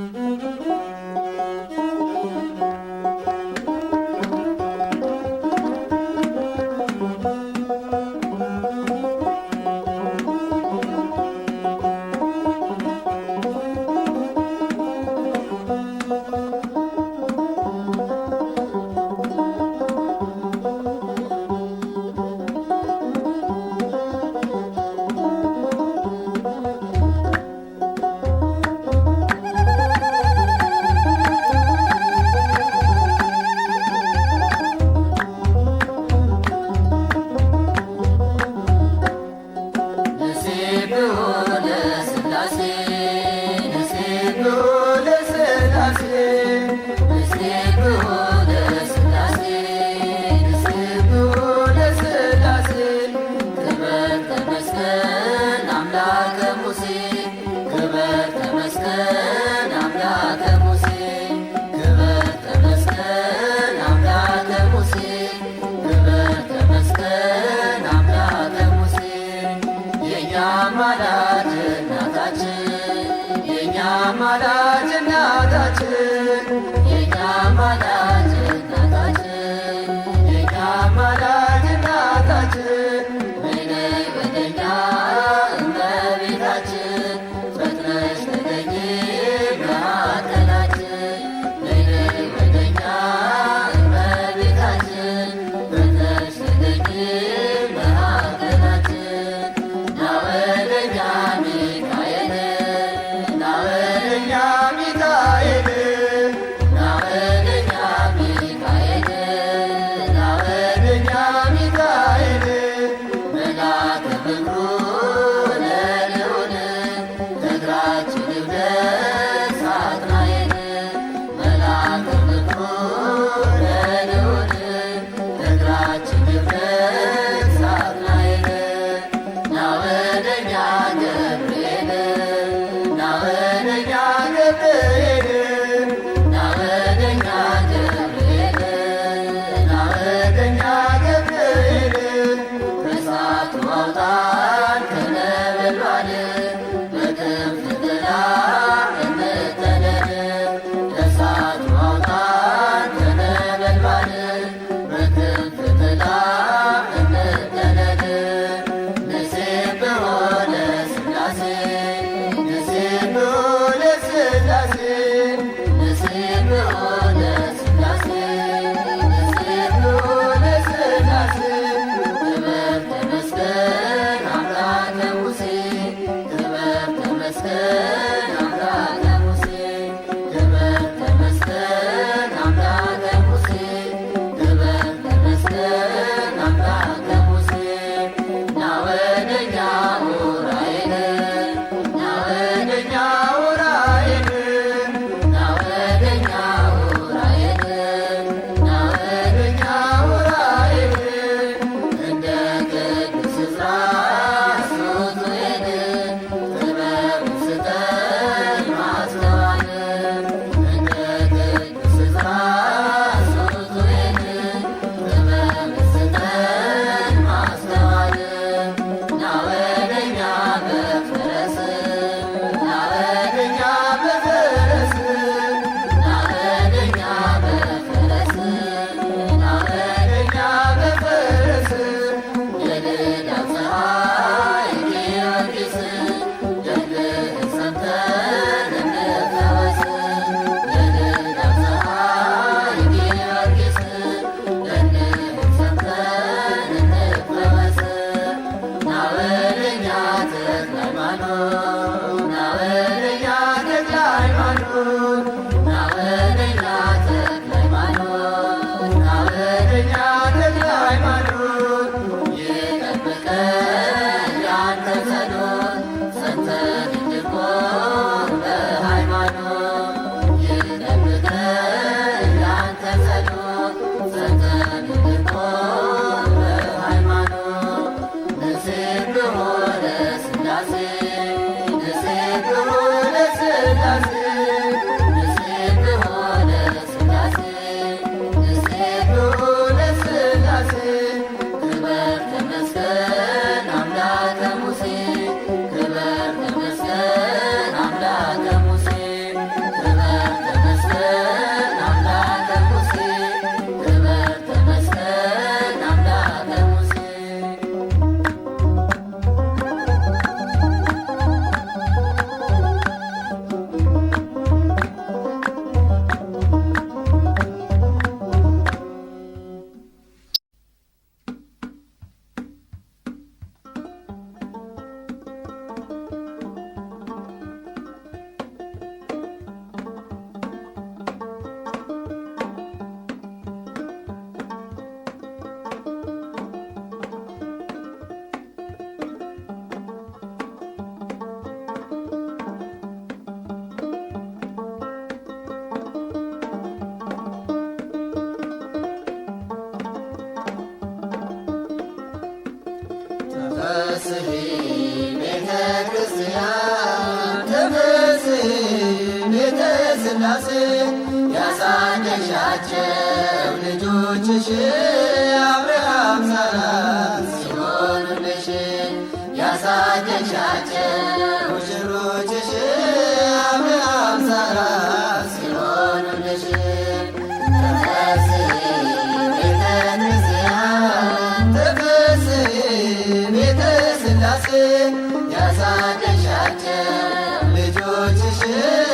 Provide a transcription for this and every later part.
Mm-hmm. ናቸው ልጆችሽ አብርሃም ሳራም ሲኖሩልሽ ያሳደግሻቸው ሽሮችሽ አብርሃም ያሳደሻቸው ልጆችሽ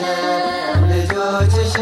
ናቸው ልጆችሽ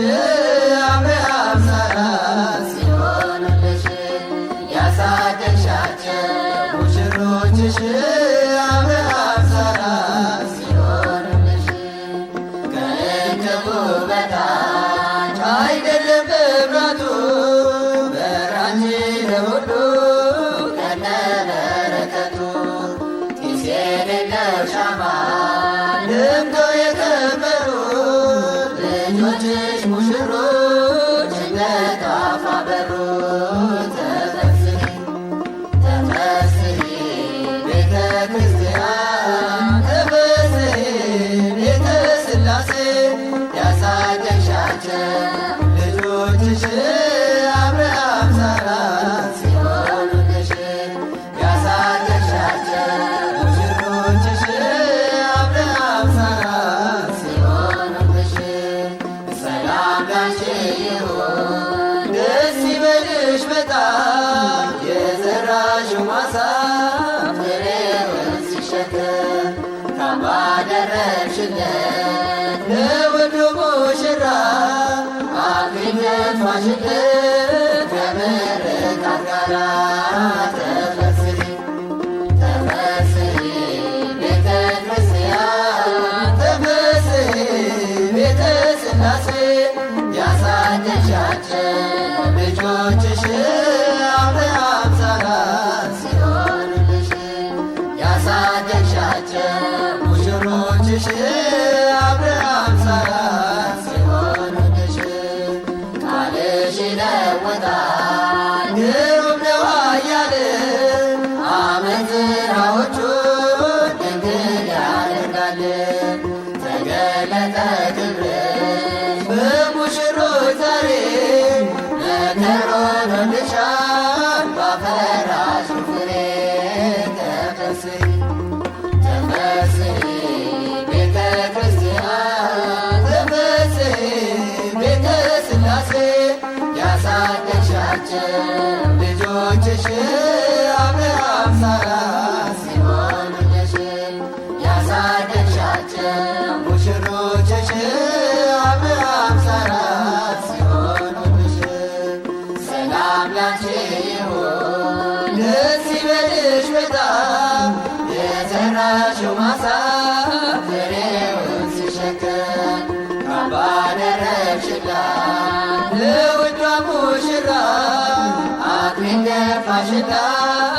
imaginar.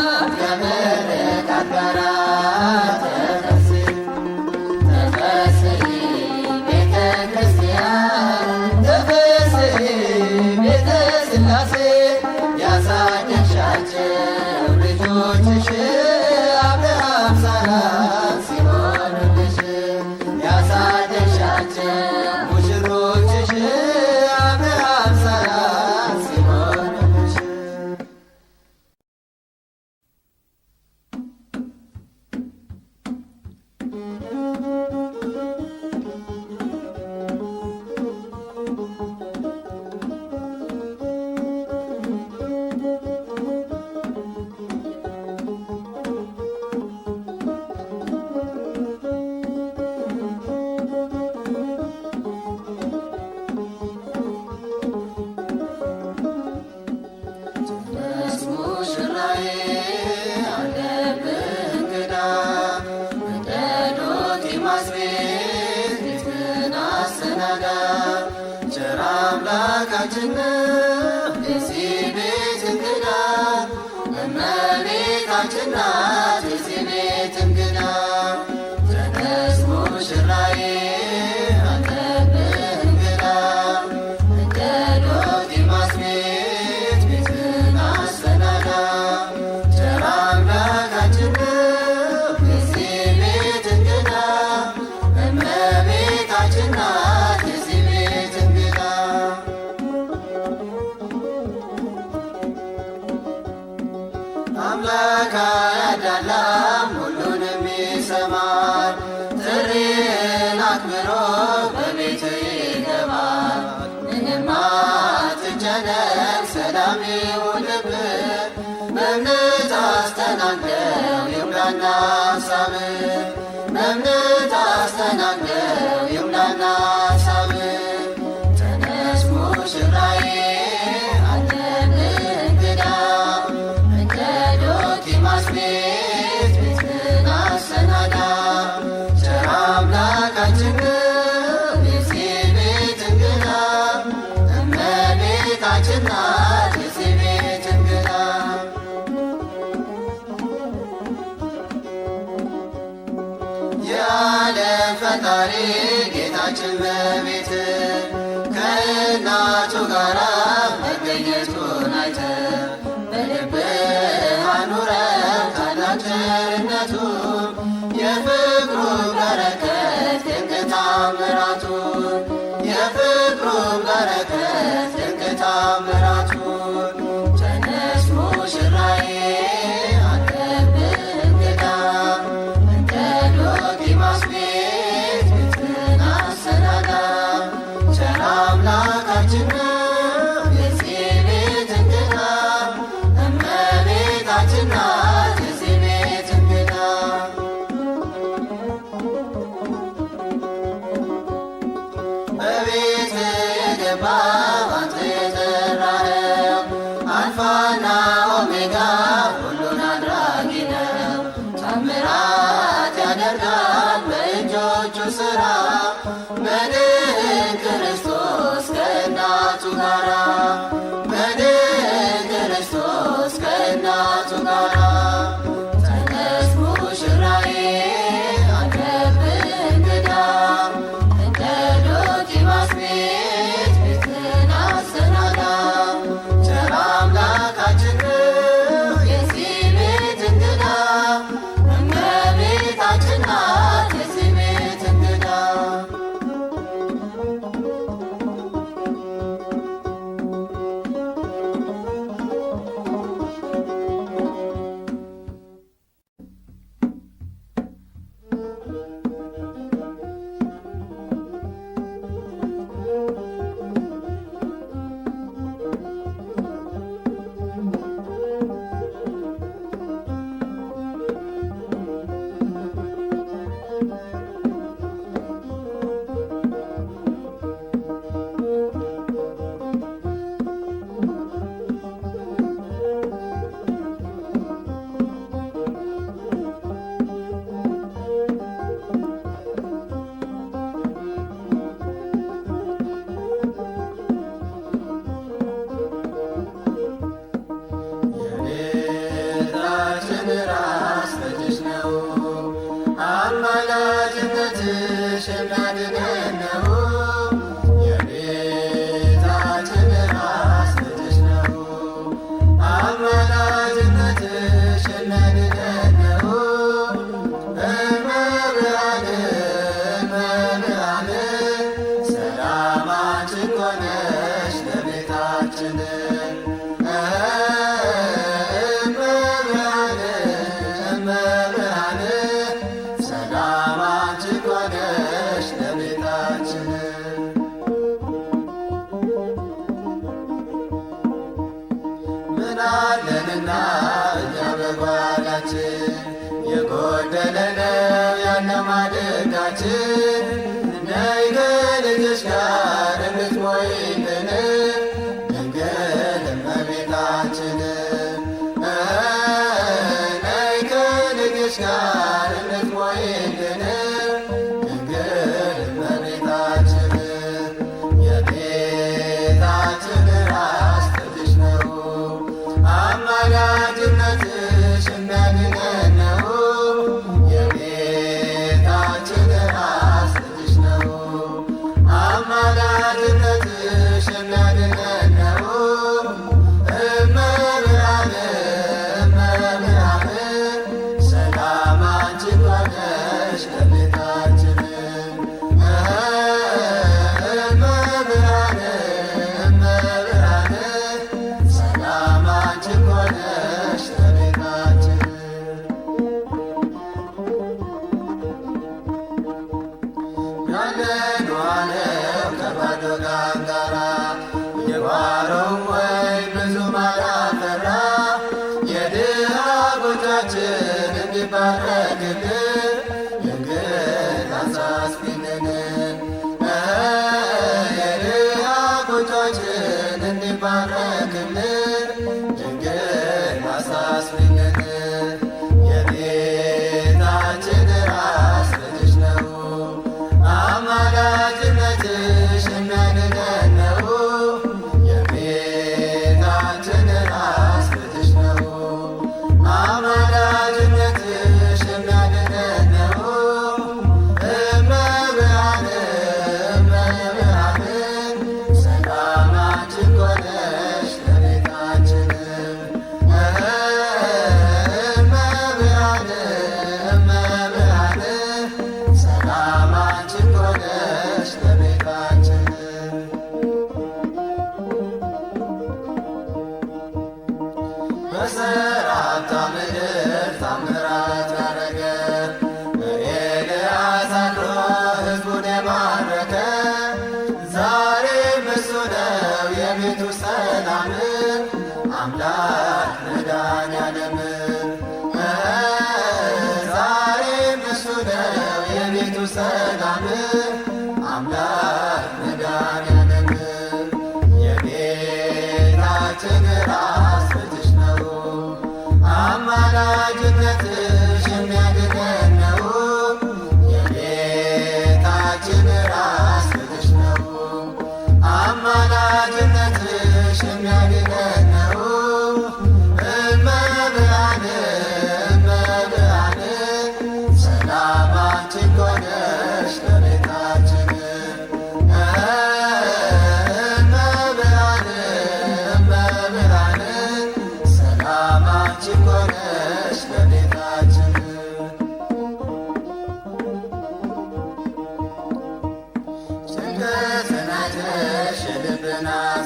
Fatima. ሰላም ይሁንብ በእምነት አስተናግደው ይሁዳና ሳብ አስተናግደው የፍቅሩ በረከት ድንቅ ታምራቱ ስራ መድን ክርስቶስ ከእናቱ ጋራ I'm Lord,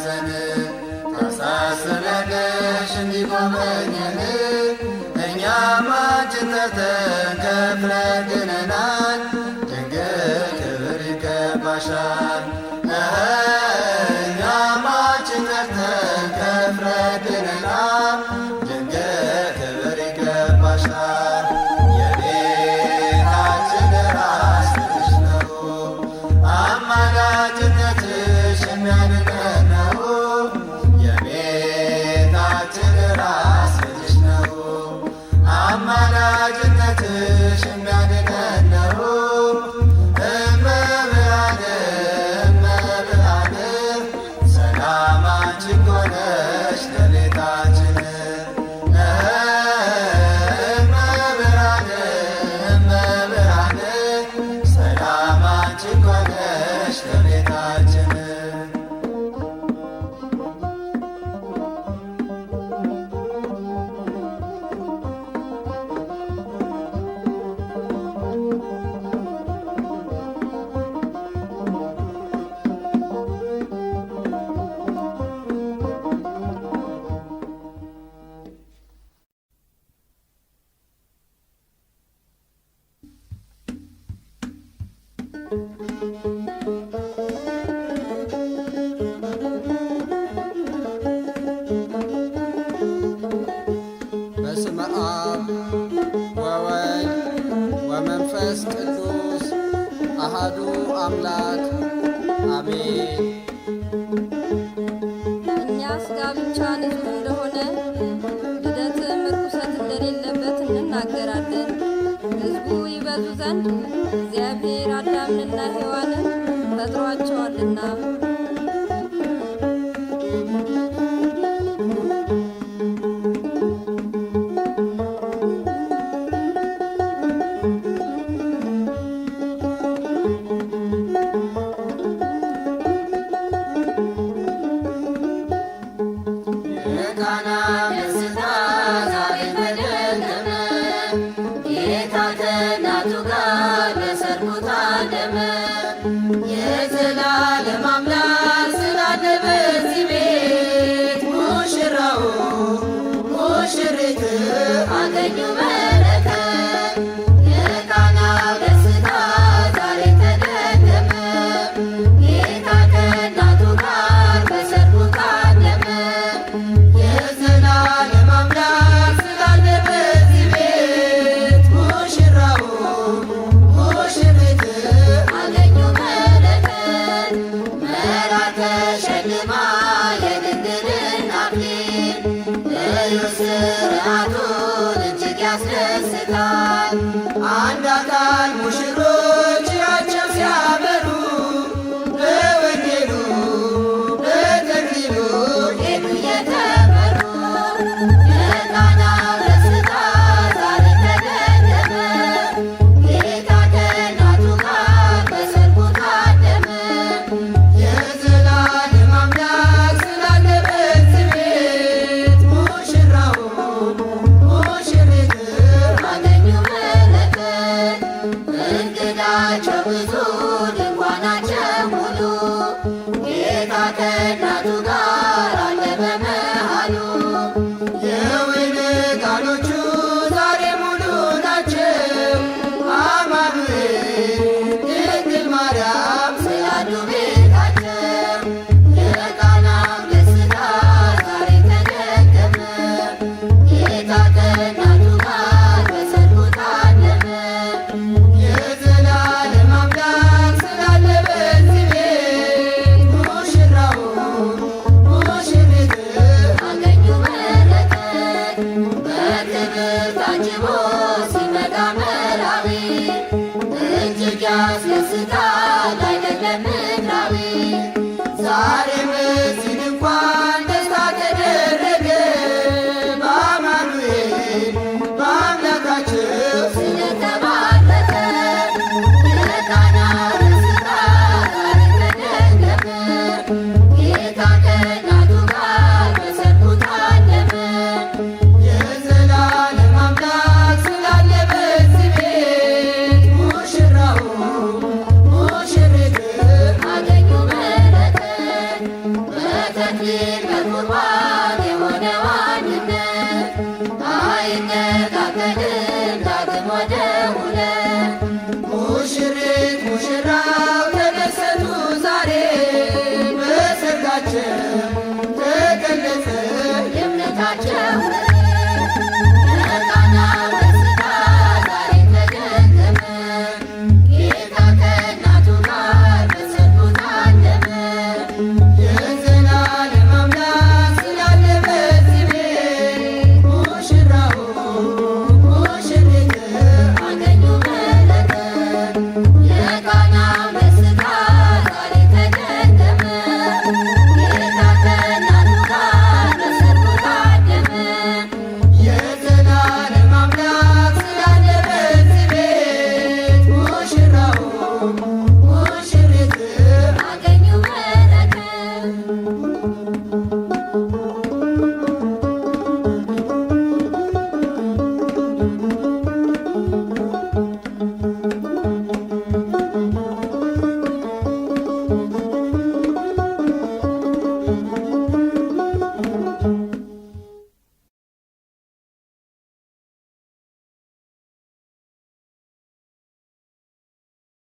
ሐዘን ታሳስበለሽ እንዲጎበኘን እኛም አንቺን ጠርተን አሐዱ አምላክ አሜን። ስጋ ብቻ ንጹሕ እንደሆነ ልደትም ርኩሰት እንደሌለበት እንናገራለን። ህዝቡ ይበዙ ዘንድ እግዚአብሔር አዳምንና ሔዋንን ፈጥሯቸዋልና የዘላ